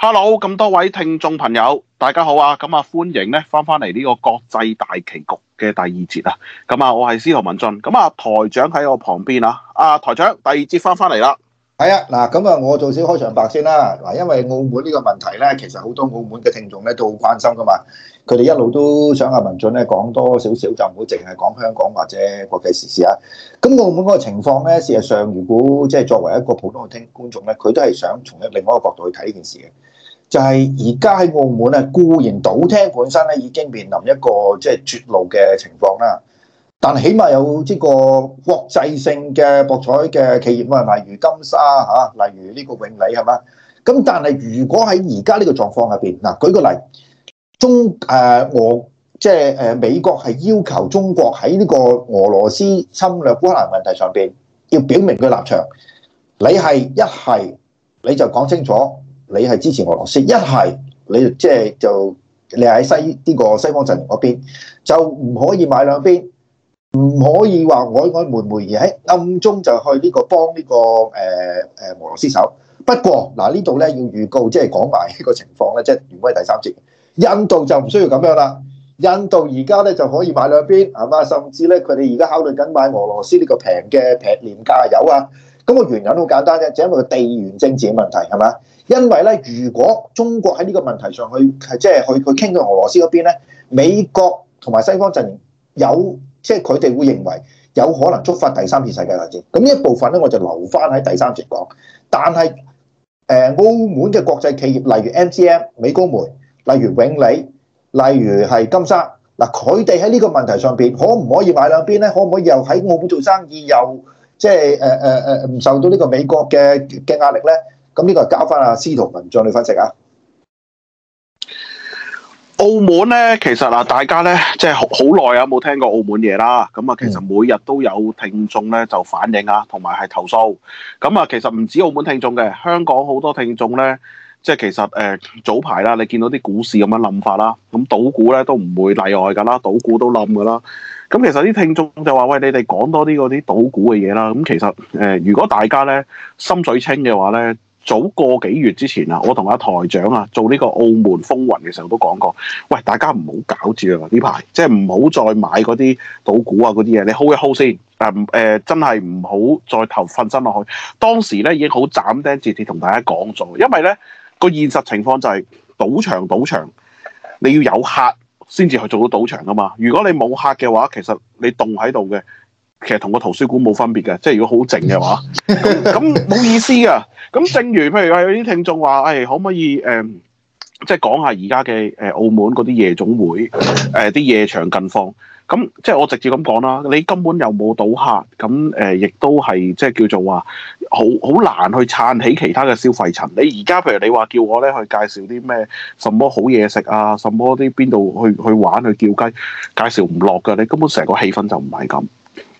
hello，咁多位聽眾朋友，大家好啊！咁啊，歡迎咧翻返嚟呢個國際大棋局嘅第二節啊！咁啊，我係司徒文進，咁啊台長喺我旁邊啊！啊，台長，啊，台長第二節翻返嚟啦。係啊，嗱咁啊，我做少開場白先啦。嗱，因為澳門呢個問題咧，其實好多澳門嘅聽眾咧都好關心噶嘛。佢哋一路都想阿文進咧講多少少，就唔好淨係講香港或者國際時事啊。咁澳門嗰個情況咧，事實上如果即係作為一個普通嘅聽觀眾咧，佢都係想從另外一個角度去睇呢件事嘅。就係而家喺澳門啊，固然賭廳本身咧已經面臨一個即係絕路嘅情況啦。但起碼有呢個國際性嘅博彩嘅企業啊，例如金沙吓，例如呢個永利係嘛。咁但係如果喺而家呢個狀況入邊嗱，舉個例，中誒俄、呃、即係誒、呃、美國係要求中國喺呢個俄羅斯侵略烏克蘭問題上邊要表明佢立場，你係一係你就講清楚你係支持俄羅斯，一係你即係就你喺西呢、呢個西方陣營嗰邊就唔可以買兩邊。唔可以話曖曖昧昧，而喺暗中就去呢個幫呢、這個誒誒、呃呃、俄羅斯手。不過嗱、啊、呢度咧要預告，即係講埋呢個情況咧，即、就、係、是、如果第三節，印度就唔需要咁樣啦。印度而家咧就可以買兩邊係嘛，甚至咧佢哋而家考慮緊買俄羅斯呢個平嘅平廉價油啊。咁、那個原因好簡單嘅，就是、因為個地緣政治嘅問題係嘛。因為咧，如果中國喺呢個問題上去係即係去去傾到俄羅斯嗰邊咧，美國同埋西方陣營有。即係佢哋會認為有可能觸發第三次世界大戰，咁呢一部分咧我就留翻喺第三節講。但係誒、呃，澳門嘅國際企業，例如 MGM 美高梅，例如永利，例如係金沙嗱，佢哋喺呢個問題上邊可唔可以買兩邊咧？可唔可以又喺澳門做生意又，又即係誒誒誒唔受到呢個美國嘅嘅壓力咧？咁呢個搞翻阿司徒文將你分析啊！澳門咧，其實啊，大家咧，即係好耐啊，冇聽過澳門嘢啦。咁啊，其實每日都有聽眾咧，就反映啊，同埋係投訴。咁啊，其實唔止澳門聽眾嘅，香港好多聽眾咧，即係其實誒、呃，早排啦，你見到啲股市咁樣冧法啦，咁賭股咧都唔會例外㗎啦，賭股都冧㗎啦。咁其實啲聽眾就話：喂，你哋講多啲嗰啲賭股嘅嘢啦。咁其實誒、呃，如果大家咧心水清嘅話咧。早個幾月之前啦，我同阿台長啊做呢個澳門風雲嘅時候都講過，喂大家唔好搞住啊！呢排即係唔好再買嗰啲賭股啊嗰啲嘢，你 hold 一 hold 先。誒、呃、誒、呃，真係唔好再投瞓身落去。當時咧已經好斬釘截鐵同大家講咗，因為咧、這個現實情況就係、是、賭場賭場，場，你要有客先至去做到賭場噶嘛。如果你冇客嘅話，其實你凍喺度嘅。其實同個圖書館冇分別嘅，即係如果好靜嘅話，咁冇意思啊。咁正如譬如話有啲聽眾話，誒、哎、可唔可以誒、呃，即係講下而家嘅誒澳門嗰啲夜總會，誒、呃、啲夜場近況。咁即係我直接咁講啦，你根本又冇賭客，咁誒亦都係即係叫做話，好好難去撐起其他嘅消費層。你而家譬如你話叫我咧去介紹啲咩，什麼好嘢食啊，什麼啲邊度去去玩去叫雞，介紹唔落㗎。你根本成個氣氛就唔係咁。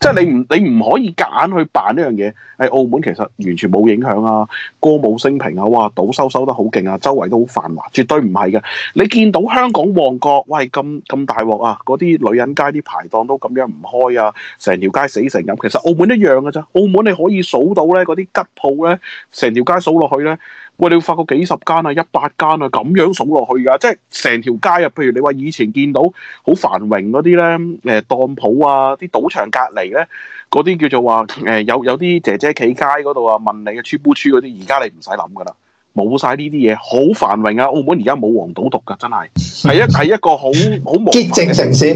即係你唔你唔可以夾硬去扮呢樣嘢，喺、哎、澳門其實完全冇影響啊，歌舞升平啊，哇，賭收收得好勁啊，周圍都好繁華，絕對唔係嘅。你見到香港旺角，喂，咁咁大鑊啊，嗰啲女人街啲排檔都咁樣唔開啊，成條街死成咁，其實澳門一樣㗎啫。澳門你可以數到咧，嗰啲吉鋪咧，成條街數落去咧。喂，你會發覺幾十間啊，一百間啊，咁樣數落去㗎，即係成條街啊。譬如你話以前見到好繁榮嗰啲咧，誒、呃、當鋪啊，啲賭場隔籬咧，嗰啲叫做話誒、呃、有有啲姐姐企街嗰度啊，問你嘅吹唔吹嗰啲，而家你唔使諗㗎啦，冇晒呢啲嘢，好繁榮啊！澳門而家冇黃賭毒㗎，真係係一係一個好好潔淨嘅城市，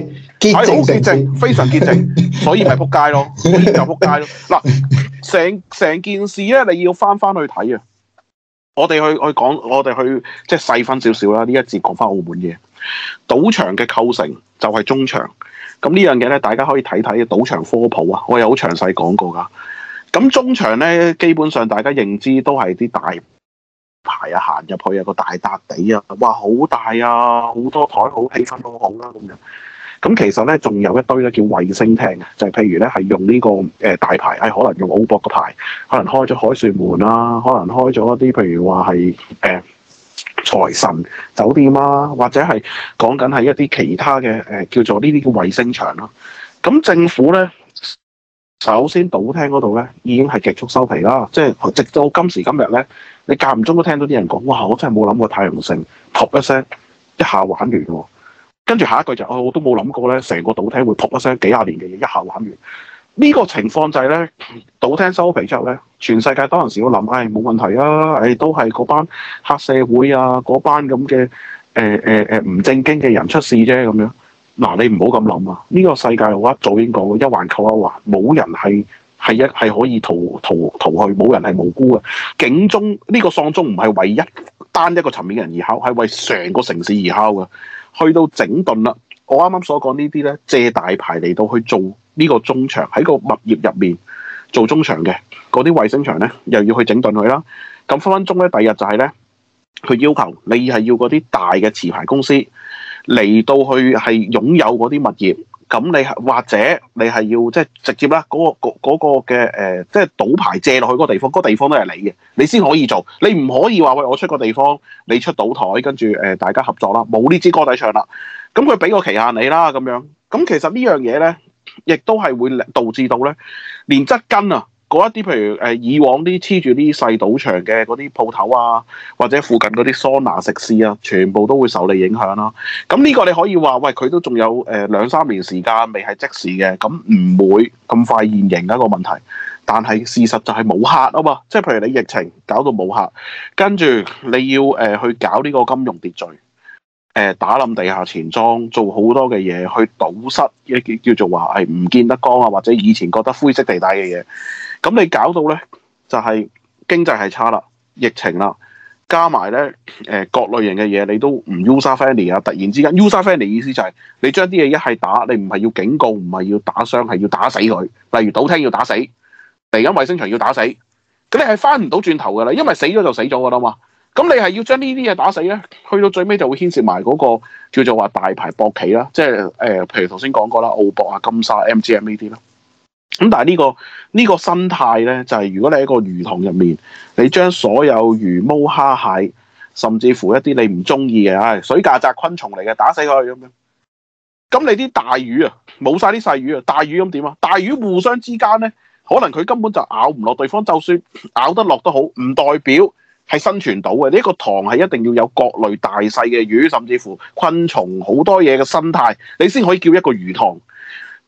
潔淨城市，哎、好潔淨，非常潔淨，所以咪仆街咯，所以就仆街咯。嗱， 成成件事咧，你要返返去睇啊！我哋去去講，我哋去即係細分少少啦。呢一節講翻澳門嘅賭場嘅構成，就係中場。咁呢樣嘢咧，大家可以睇睇賭場科普啊，我有好詳細講過噶。咁中場咧，基本上大家認知都係啲大牌啊，行入去有個大笪地啊，哇，好大啊，好多台，好氣氛，好紅啦咁樣。咁其實咧，仲有一堆咧叫衛星廳，就係、是、譬如咧，係用呢、這個誒、呃、大牌，誒、哎、可能用澳博個牌，可能開咗凱旋門啦、啊，可能開咗一啲譬如話係誒財神酒店啦、啊，或者係講緊係一啲其他嘅誒、呃、叫做呢啲叫衛星場啦、啊。咁政府咧，首先賭廳嗰度咧已經係極速收皮啦，即係直到今時今日咧，你間唔中都聽到啲人講，哇！我真係冇諗過太陽城，噗一聲一下玩完喎。跟住下一句就是，我我都冇諗過咧，成個賭廳會撲一聲幾廿年嘅嘢一下玩完。呢、這個情況就係、是、咧，賭廳收皮之後咧，全世界當時我諗，唉、哎，冇問題啊，哎都係嗰班黑社會啊，嗰班咁嘅誒誒誒唔正經嘅人出事啫咁樣。嗱，你唔好咁諗啊，呢、這個世界嘅話早已經講過，一環扣一環，冇人係係一係可以逃逃逃去，冇人係無辜嘅。警鐘呢個喪鐘唔係為一單一個層面嘅人而敲，係為成個城市而敲嘅。去到整頓啦，我啱啱所講呢啲咧，借大牌嚟到去做呢個中場，喺個物業入面做中場嘅嗰啲衛星場咧，又要去整頓佢啦。咁分分鐘咧，第二日就係咧，佢要求你係要嗰啲大嘅持牌公司嚟到去係擁有嗰啲物業。咁你係或者你係要即係直接啦，嗰、嗰個嘅誒、嗰個嗰個呃，即係賭牌借落去嗰個地方，嗰、嗰個地方都係你嘅，你先可以做，你唔可以話喂，我出個地方，你出賭台，跟住誒大家合作啦，冇呢支歌仔唱啦，咁佢俾個期限你啦咁樣，咁其實呢樣嘢咧，亦都係會導致到咧，連質根啊。嗰一啲譬如誒、呃、以往啲黐住啲細賭場嘅嗰啲鋪頭啊，或者附近嗰啲桑拿食肆啊，全部都會受你影響咯、啊。咁呢個你可以話，喂佢都仲有誒兩、呃、三年時間未係即時嘅，咁唔會咁快現形一個問題。但係事實就係冇客啊嘛、呃，即係譬如你疫情搞到冇客，跟住你要誒、呃、去搞呢個金融秩序，誒、呃、打冧地下錢莊，做好多嘅嘢去堵塞一啲叫做話係唔見得光啊，或者以前覺得灰色地帶嘅嘢。咁你搞到咧，就係、是、經濟係差啦，疫情啦，加埋咧，誒、呃，各類型嘅嘢你都唔 user friendly 啊，突然之間 user friendly 意思就係、是、你將啲嘢一係打，你唔係要警告，唔係要打傷，係要打死佢。例如賭廳要打死，嚟緊衛星場要打死，咁你係翻唔到轉頭噶啦，因為死咗就死咗噶啦嘛。咁你係要將呢啲嘢打死咧，去到最尾就會牽涉埋嗰個叫做話大牌博企啦，即係誒，譬、呃、如頭先講過啦，澳博啊、金沙、M.G.M. 呢啲咯。咁但係呢個呢個生態咧，就係如果你喺個魚塘入面，你將所有魚、毛蝦、蟹，甚至乎一啲你唔中意嘅唉水曱甴、昆蟲嚟嘅打死佢咁樣。咁你啲大魚啊，冇晒啲細魚啊，大魚咁點啊？大魚互相之間咧，可能佢根本就咬唔落對方。就算咬得落都好，唔代表係生存到嘅。呢個塘係一定要有各類大細嘅魚，甚至乎昆蟲好多嘢嘅生態，你先可以叫一個魚塘。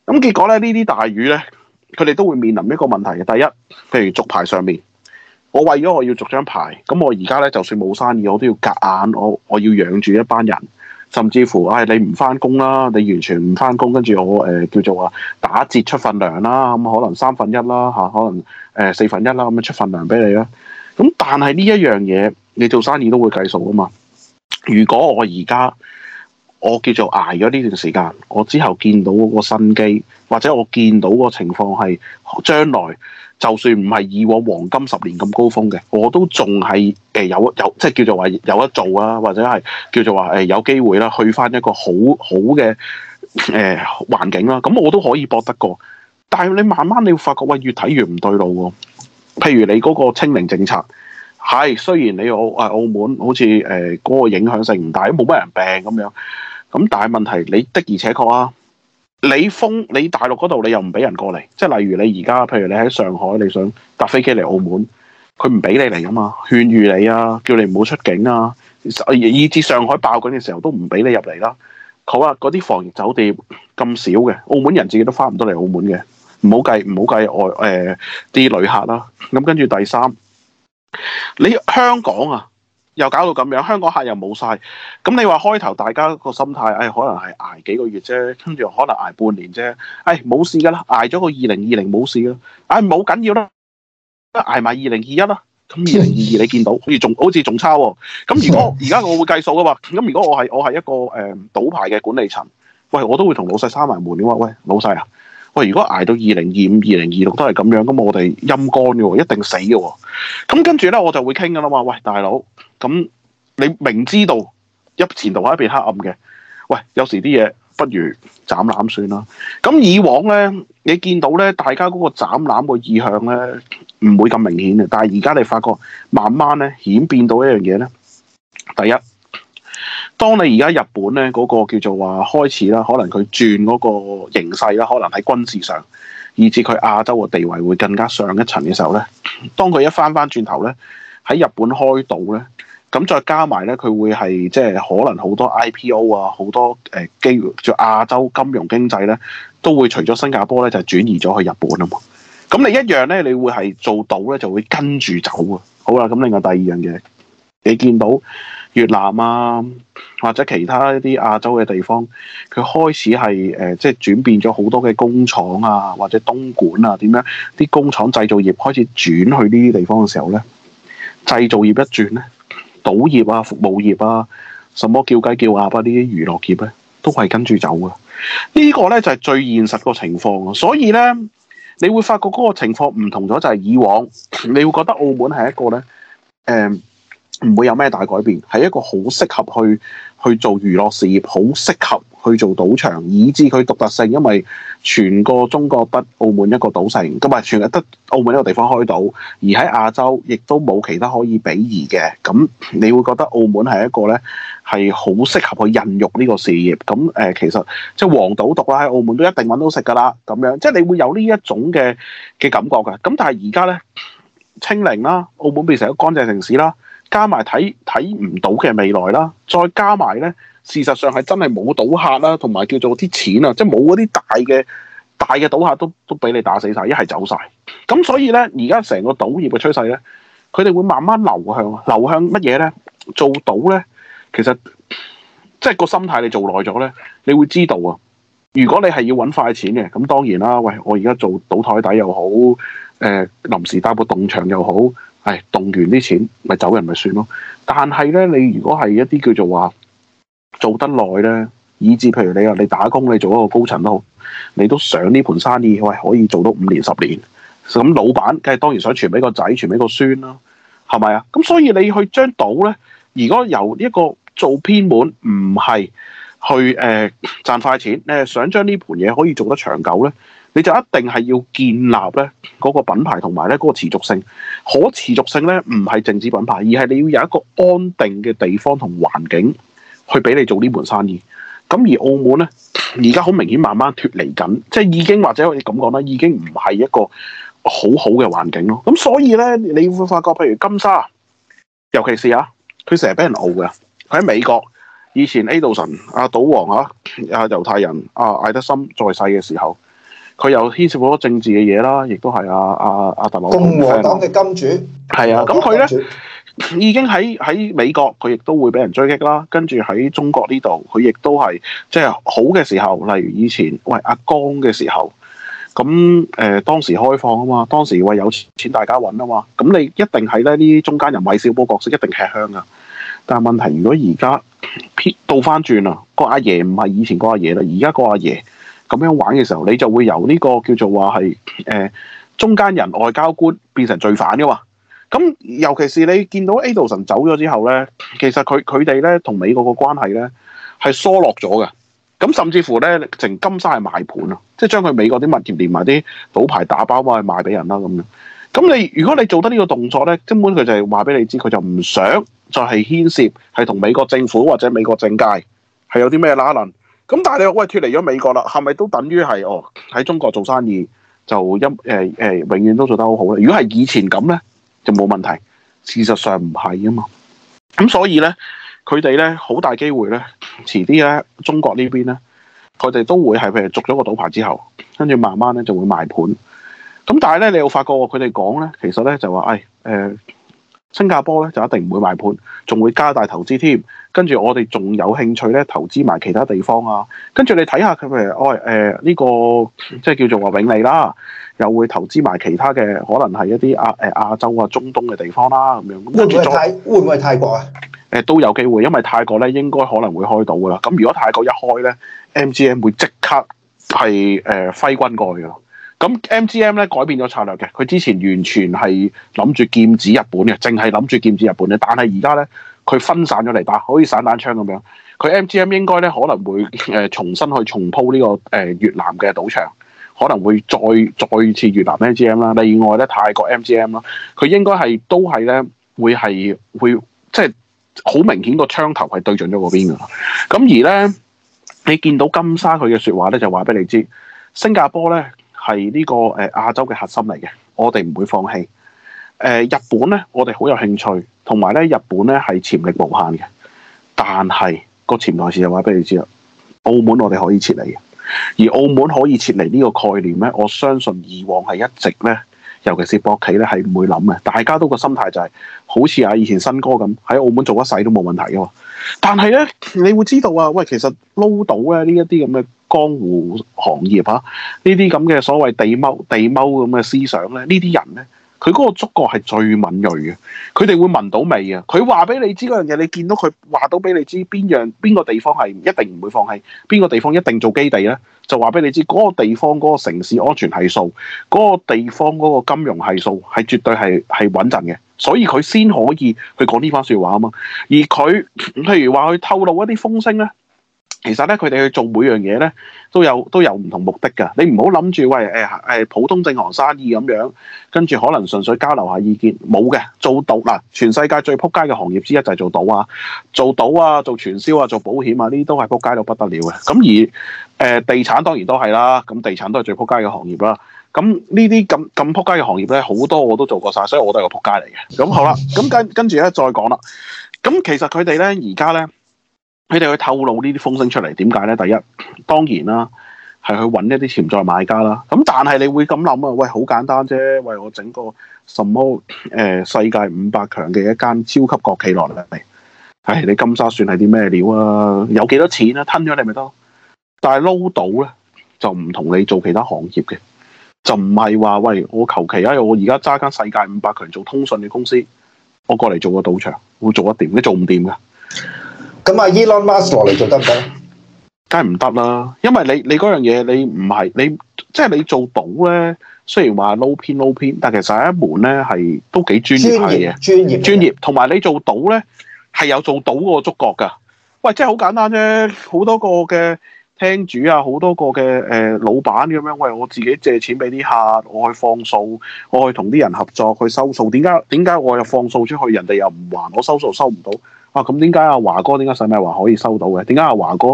咁結果咧，呢啲大魚咧。佢哋都會面臨一個問題嘅，第一，譬如續牌上面，我為咗我要續張牌，咁我而家咧就算冇生意，我都要夾硬，我我要養住一班人，甚至乎唉、哎、你唔返工啦，你完全唔返工，跟住我誒、呃、叫做話打折出份糧啦，咁、嗯、可能三分一啦嚇、啊，可能誒、呃、四分一啦咁樣、嗯、出份糧俾你啦。咁、嗯、但係呢一樣嘢，你做生意都會計數㗎嘛？如果我而家，我叫做捱咗呢段時間，我之後見到嗰個新機，或者我見到個情況係將來就算唔係以往黃金十年咁高峰嘅，我都仲係誒有有即係叫做話有得做啊，或者係叫做話誒有機會啦，去返一個好好嘅誒環境啦，咁我都可以博得過。但係你慢慢你會發覺，喂越睇越唔對路喎。譬如你嗰個清零政策係雖然你澳誒澳門好似誒嗰個影響性唔大，都冇乜人病咁樣。咁但係問題，你的而且確啊，你封你大陸嗰度，你又唔俾人過嚟，即係例如你而家，譬如你喺上海，你想搭飛機嚟澳門，佢唔俾你嚟噶嘛，勸喻你啊，叫你唔好出境啊，以至上海爆緊嘅時候都唔俾你入嚟啦。好啊，嗰啲防疫酒店咁少嘅，澳門人自己都翻唔到嚟澳門嘅，唔好計唔好計外誒啲、呃、旅客啦。咁跟住第三，你香港啊？又搞到咁樣，香港客又冇晒。咁你話開頭大家個心態，誒可能係捱幾個月啫，跟住可能捱半年啫。唉，冇事噶啦，捱咗個二零二零冇事啦。唉，冇緊要啦，捱埋二零二一啦。咁二零二二你見到好似仲好似仲差喎、哦。咁如果而家我會計數噶話，咁如果我係我係一個誒賭、嗯、牌嘅管理層，喂我都會同老細閂埋門嘅話，喂老細啊。喂，如果捱到二零二五、二零二六都係咁樣，咁我哋陰乾嘅，一定死嘅。咁跟住咧，我就會傾噶啦嘛。喂，大佬，咁你明知道入前路係一片黑暗嘅。喂，有時啲嘢，不如斬纜算啦。咁以往咧，你見到咧，大家嗰個斬纜嘅意向咧，唔會咁明顯嘅。但係而家你發覺慢慢咧演變到一樣嘢咧，第一。當你而家日本咧嗰個叫做話開始啦，可能佢轉嗰個形勢啦，可能喺軍事上，以至佢亞洲嘅地位會更加上一層嘅時候咧，當佢一翻翻轉頭咧喺日本開島咧，咁再加埋咧佢會係即係可能好多 IPO 啊，好多誒機會，就、呃、亞洲金融經濟咧都會除咗新加坡咧就轉移咗去日本啊嘛，咁你一樣咧你會係做到咧就會跟住走啊。好啦，咁另外第二樣嘢，你見到。越南啊，或者其他一啲亞洲嘅地方，佢開始係誒、呃，即係轉變咗好多嘅工廠啊，或者東莞啊，點樣啲工廠製造業開始轉去呢啲地方嘅時候咧，製造業一轉咧，賭業啊、服務業啊、什麼叫雞叫鴨啊，娛樂呢啲娛樂業咧，都係跟住走嘅。這個、呢個咧就係、是、最現實個情況，所以咧，你會發覺嗰個情況唔同咗，就係、是、以往，你會覺得澳門係一個咧，誒、呃。唔會有咩大改變，係一個好適合去去做娛樂事業，好適合去做賭場，以至佢獨特性，因為全個中國得澳門一個賭城，咁啊，全日得澳門一個地方開賭，而喺亞洲亦都冇其他可以比擬嘅。咁你會覺得澳門係一個呢，係好適合去孕育呢個事業。咁誒、呃，其實即係黃賭毒啦，喺澳門都一定揾到食噶啦。咁樣即係你會有呢一種嘅嘅感覺嘅。咁但係而家呢，清零啦，澳門變成一個乾淨城市啦。加埋睇睇唔到嘅未來啦，再加埋咧，事實上係真係冇賭客啦，同埋叫做啲錢啊，即係冇嗰啲大嘅大嘅賭客都都俾你打死晒，一係走晒。咁所以咧，而家成個賭業嘅趨勢咧，佢哋會慢慢流向流向乜嘢咧？做賭咧，其實即係個心態，你做耐咗咧，你會知道啊。如果你係要揾快錢嘅，咁當然啦。喂，我而家做賭枱底又好，誒、呃、臨時搭個洞場又好。係、哎、動完啲錢，咪走人咪算咯。但係咧，你如果係一啲叫做話做得耐咧，以至譬如你話你打工，你做一個高層都好，你都想呢盤生意，喂，可以做到五年十年。咁老闆梗係當然想傳俾個仔，傳俾個孫啦，係咪啊？咁所以你去將賭咧，如果由一個做偏門，唔係去誒賺快錢，你係想將呢盤嘢可以做得長久咧。你就一定係要建立咧嗰個品牌同埋咧嗰個持續性，可持續性咧，唔係淨止品牌，而係你要有一個安定嘅地方同環境去俾你做呢盤生意。咁而澳門咧，而家好明顯慢慢脫離緊，即係已經或者我哋咁講啦，已經唔係一個好好嘅環境咯。咁所以咧，你會發覺譬如金沙，尤其是啊，佢成日俾人熬㗎，佢喺美國以前 A 道神阿賭王啊，阿猶太人啊艾德森在世嘅時候。佢又牽涉好多政治嘅嘢啦，亦都係阿阿阿特朗普共和黨嘅金主，係啊，咁佢咧已經喺喺美國，佢亦都會俾人追擊啦。跟住喺中國呢度，佢亦都係即係好嘅時候，例如以前喂阿江嘅時候，咁、嗯、誒、呃、當時開放啊嘛，當時喂有錢大家揾啊嘛，咁、嗯、你一定係咧呢中間人韋小寶角色一定吃香噶。但係問題，如果而家撇倒翻轉啊，個阿爺唔係以前個阿爺啦，而家個阿爺。咁樣玩嘅時候，你就會由呢個叫做話係誒中間人外交官變成罪犯噶嘛。咁、嗯、尤其是你見到 Adelson 走咗之後咧，其實佢佢哋咧同美國個關係咧係疏落咗嘅。咁、嗯、甚至乎咧成金沙係賣盤啊，即係將佢美國啲物業連埋啲賭牌打包返去賣俾人啦咁樣。咁、嗯、你如果你做得呢個動作咧，根本佢就係話俾你知，佢就唔想再係牽涉係同美國政府或者美國政界係有啲咩拉褦。咁但係你話，喂，脫離咗美國啦，係咪都等於係哦喺中國做生意就一誒誒永遠都做得好好咧？如果係以前咁咧，就冇問題。事實上唔係啊嘛。咁所以咧，佢哋咧好大機會咧，遲啲咧中國呢邊咧，佢哋都會係譬續咗個賭牌之後，跟住慢慢咧就會賣盤。咁但係咧，你又發覺佢哋講咧，其實咧就話誒誒新加坡咧就一定唔會賣盤，仲會加大投資添。跟住我哋仲有興趣咧，投資埋其他地方啊！跟住你睇下佢誒，我誒呢個即係叫做話永利啦，又會投資埋其他嘅，可能係一啲亞誒亞洲啊、中東嘅地方啦咁樣。跟嗯、會唔會泰？會唔會泰國啊？誒、呃、都有機會，因為泰國咧應該可能會開到噶啦。咁如果泰國一開咧，MGM 會即刻係誒揮軍過去噶。咁 MGM 咧改變咗策略嘅，佢之前完全係諗住劍指日本嘅，淨係諗住劍指日本嘅。但係而家咧。佢分散咗嚟，打，係可以散彈槍咁樣。佢 MGM 應該咧可能會誒重新去重鋪呢個誒越南嘅賭場，可能會再再次越南 MGM 啦。另外咧泰國 MGM 啦，佢應該係都係咧會係會即係好明顯個槍頭係對準咗嗰邊噶啦。咁而咧你見到金沙佢嘅説話咧，就話俾你知，新加坡咧係呢個誒亞洲嘅核心嚟嘅，我哋唔會放棄。誒日本咧，我哋好有興趣，同埋咧日本咧係潛力無限嘅。但係個潛台詞就話俾你知啦，澳門我哋可以撤離，而澳門可以撤離呢個概念咧，我相信以往係一直咧，尤其是博企咧係唔會諗嘅。大家都個心態就係好似啊以前新哥咁喺澳門做一世都冇問題嘅嘛。但係咧，你會知道啊，喂，其實撈到咧呢一啲咁嘅江湖行業啊，呢啲咁嘅所謂地踎地踎咁嘅思想咧，呢啲人咧。佢嗰個觸覺係最敏鋭嘅，佢哋會聞到味嘅。佢話俾你知嗰樣嘢，你見到佢話到俾你知邊樣邊個地方係一定唔會放棄，邊個地方一定做基地咧，就話俾你知嗰個地方嗰個城市安全係數，嗰個地方嗰個金融係數係絕對係係穩陣嘅，所以佢先可以去講呢番説話啊嘛。而佢譬如話佢透露一啲風聲咧。其實咧，佢哋去做每樣嘢咧，都有都有唔同的目的噶。你唔好諗住喂誒誒、欸欸欸、普通正行生意咁樣，跟住可能純粹交流下意見，冇嘅。做賭嗱，全世界最撲街嘅行業之一就係做賭啊，做賭啊，做傳銷啊，做保險啊，呢啲都係撲街到不得了嘅。咁而誒、呃、地產當然都係啦，咁地產都係最撲街嘅行業啦。咁呢啲咁咁撲街嘅行業咧，好多我都做過晒，所以我都係個撲街嚟嘅。咁好啦，咁跟跟住咧再講啦。咁其實佢哋咧而家咧。佢哋去透露呢啲風聲出嚟，點解呢？第一，當然啦、啊，係去揾一啲潛在買家啦。咁但係你會咁諗啊？喂，好簡單啫！喂，我整個什麼誒、呃、世界五百強嘅一間超級國企落嚟，唉、哎，你金沙算係啲咩料啊？有幾多錢啊？吞咗你咪得。但係撈到呢，就唔同你做其他行業嘅，就唔係話喂，我求其啊，我而家揸間世界五百強做通訊嘅公司，我過嚟做個賭場會做得掂，你做唔掂㗎。咁啊，Elon Musk 落嚟做得嘅，梗係唔得啦。因為你你嗰樣嘢，你唔係你，你即係你做賭咧。雖然話撈偏撈偏，但其實一門咧係都幾專業嘅。專業專業，同埋你做賭咧係有做賭個觸覺㗎。喂，即係好簡單啫。好多個嘅廳主啊，好多個嘅誒、呃、老闆咁樣。喂，我自己借錢俾啲客，我去放數，我去同啲人合作去收數。點解點解我又放數出去，人哋又唔還，我收數收唔到？啊，咁點解阿華哥點解使咪話可以收到嘅？點解阿華哥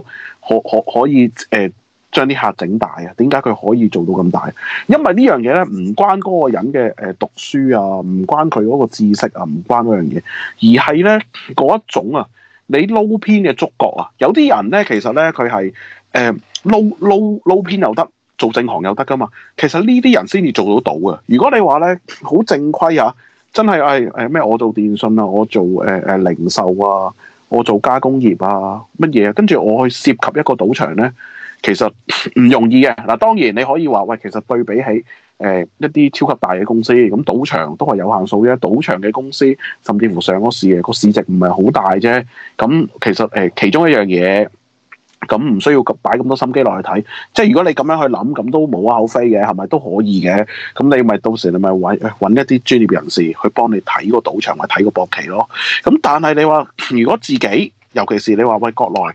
可可可以誒、呃、將啲客整大啊？點解佢可以做到咁大？因為呢樣嘢咧唔關嗰個人嘅誒、呃、讀書啊，唔關佢嗰個知識啊，唔關嗰樣嘢，而係咧嗰一種啊，你撈偏嘅觸覺啊。有啲人咧其實咧佢係誒撈撈撈偏又得，做正行又得噶嘛。其實呢啲人先至做到到啊。如果你話咧好正規啊。真係誒誒咩？哎、我做電信啊，我做誒誒、呃、零售啊，我做加工業啊，乜嘢？跟住我去涉及一個賭場咧，其實唔容易嘅。嗱，當然你可以話喂，其實對比起誒、呃、一啲超級大嘅公司，咁賭場都係有限數啫。賭場嘅公司甚至乎上嗰市嘅個市，市值唔係好大啫。咁、嗯、其實誒、呃、其中一樣嘢。咁唔需要擺咁多心機落去睇，即係如果你咁樣去諗，咁都無可厚非嘅，係咪都可以嘅？咁你咪到時你咪揾一啲專業人士去幫你睇個賭場，或睇個博企咯。咁但係你話，如果自己，尤其是你話喂，國內，誒、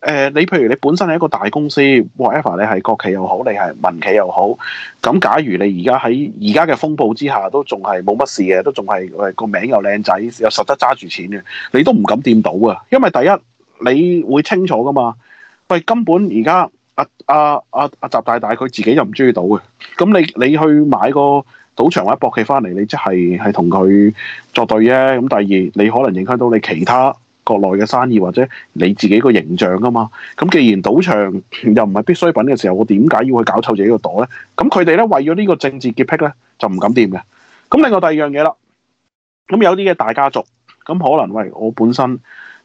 呃，你譬如你本身係一個大公司，whatever，你係國企又好，你係民企又好，咁假如你而家喺而家嘅風暴之下都仲係冇乜事嘅，都仲係個名又靚仔，又實質揸住錢嘅，你都唔敢掂到啊！因為第一，你會清楚噶嘛。喂，根本而家阿阿阿阿習大大佢自己又唔中意賭嘅，咁你你去買個賭場或者博企翻嚟，你即係係同佢作對啫。咁第二，你可能影響到你其他國內嘅生意或者你自己個形象啊嘛。咁既然賭場又唔係必需品嘅時候，我點解要去搞臭自己個賭咧？咁佢哋咧，為咗呢個政治潔癖咧，就唔敢掂嘅。咁另外第二樣嘢啦，咁有啲嘅大家族，咁可能喂我本身。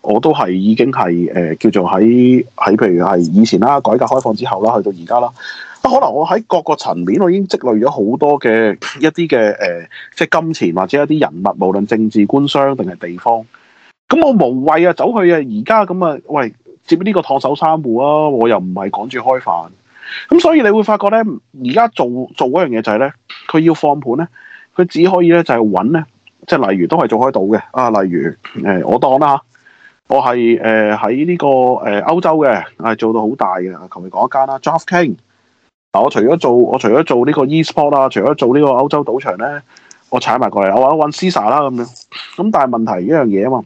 我都係已經係誒、呃、叫做喺喺，譬如係以前啦，改革開放之後啦，去到而家啦。啊，可能我喺各個層面，我已經積累咗好多嘅一啲嘅誒，即係金錢或者一啲人物，無論政治官商定係地方。咁我無謂啊，走去啊，而家咁啊，喂，接呢個燙手山芋啊，我又唔係趕住開飯。咁所以你會發覺咧，而家做做嗰樣嘢就係咧，佢要放盤咧，佢只可以咧就係揾咧，即係例如都係做開賭嘅啊，例如誒、呃，我當啦、啊我係誒喺呢個誒歐、呃、洲嘅，係做到好大嘅。求其講一間啦 DraftKings 嗱，我除咗做，我除咗做呢個 e-sport 啦、啊，除咗做個歐呢個歐洲賭場咧，我踩埋過嚟，我我搵 Sisa 啦咁樣。咁但係問題一樣嘢啊嘛，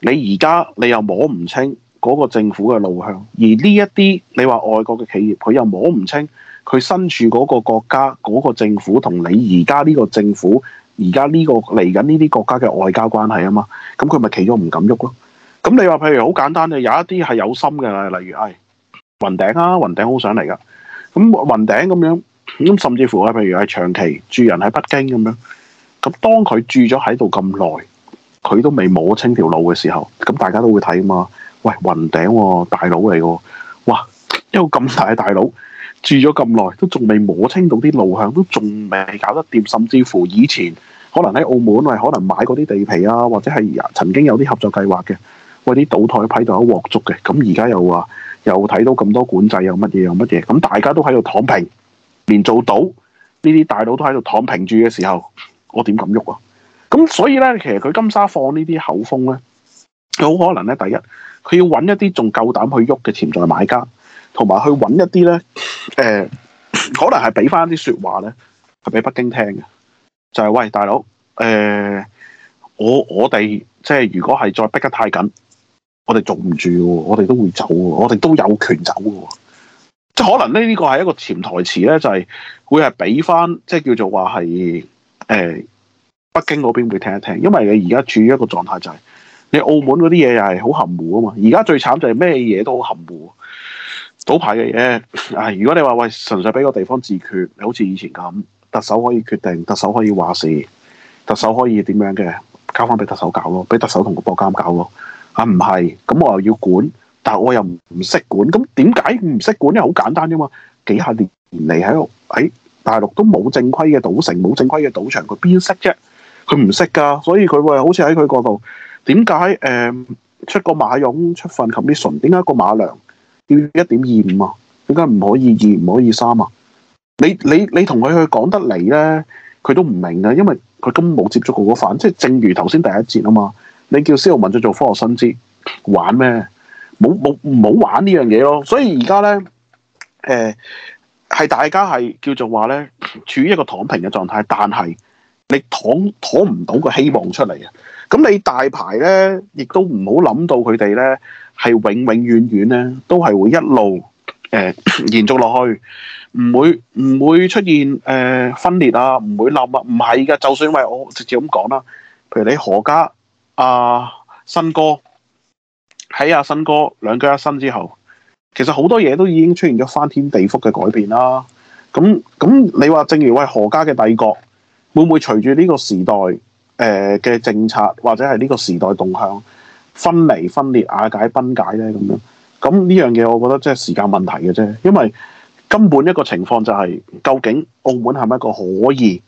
你而家你又摸唔清嗰個政府嘅路向，而呢一啲你話外國嘅企業，佢又摸唔清佢身處嗰個國家嗰、嗰個政府同你而家呢個政府。而家呢個嚟緊呢啲國家嘅外交關係啊嘛，咁佢咪企咗唔敢喐咯？咁你話譬如好簡單嘅，有一啲係有心嘅，例如唉、哎，雲頂啊，雲頂好想嚟噶。咁雲頂咁樣，咁甚至乎係譬如係長期住人喺北京咁樣，咁當佢住咗喺度咁耐，佢都未摸清條路嘅時候，咁大家都會睇啊嘛。喂，雲頂、啊、大佬嚟喎，哇，一個咁大嘅大佬。住咗咁耐，都仲未摸清到啲路向，都仲未搞得掂，甚至乎以前可能喺澳門，喂、呃，可能買嗰啲地皮啊，或者係曾經有啲合作計劃嘅，喂，啲賭台批到一鑊粥嘅，咁而家又話又睇到咁多管制，又乜嘢又乜嘢，咁大家都喺度躺平，連做賭呢啲大佬都喺度躺平住嘅時候，我點敢喐啊？咁所以咧，其實佢金沙放呢啲口風咧，好可能咧，第一佢要揾一啲仲夠膽去喐嘅潛在買家。同埋去揾一啲咧，誒、呃、可能係俾翻啲説話咧，係俾北京聽嘅，就係、是、喂，大佬誒、呃，我我哋即係如果係再逼得太緊，我哋做唔住，我哋都會走，我哋都有權走嘅，即係可能呢，呢個係一個潛台詞咧，就係、是、會係俾翻即係叫做話係誒北京嗰邊會聽一聽，因為你而家處於一個狀態，就是，就係你澳門嗰啲嘢又係好含糊啊嘛，而家最慘就係咩嘢都好含糊。賭牌嘅嘢，如果你話，喂，純粹俾個地方自決，你好似以前咁，特首可以決定，特首可以話事，特首可以點樣嘅，交翻俾特首搞咯，俾特首同個波監搞咯。啊，唔係，咁我又要管，但係我又唔識管，咁點解唔識管？因為好簡單啫嘛，幾下年嚟，喺喺大陸都冇正規嘅賭城，冇正規嘅賭場，佢邊識啫？佢唔識噶，所以佢會好似喺佢嗰度，點解誒出個馬勇出份 commission？點解個馬良？1 要一點二五啊？點解唔可以二唔可以三啊？你你你同佢去講得嚟咧，佢都唔明嘅，因為佢根本冇接觸過嗰份，即係正如頭先第一節啊嘛。你叫蕭文再做科學薪知，玩咩？冇冇唔好玩呢樣嘢咯。所以而家咧，誒、呃、係大家係叫做話咧，處於一個躺平嘅狀態，但係你躺躺唔到個希望出嚟啊。咁你大牌咧，亦都唔好諗到佢哋咧。係永永遠遠咧，都係會一路誒、呃、延續落去，唔會唔會出現誒、呃、分裂啊，唔會立乜、啊，唔係而就算為我直接咁講啦，譬如你何家啊、呃，新哥喺阿新哥兩腳一伸之後，其實好多嘢都已經出現咗翻天地覆嘅改變啦。咁咁你話，正如為何家嘅帝國會唔會隨住呢個時代誒嘅、呃、政策或者係呢個時代動向？分離、分裂、瓦解、崩解呢、分解咧咁樣，咁呢樣嘢我覺得即係時間問題嘅啫，因為根本一個情況就係、是、究竟澳門係咪一個可以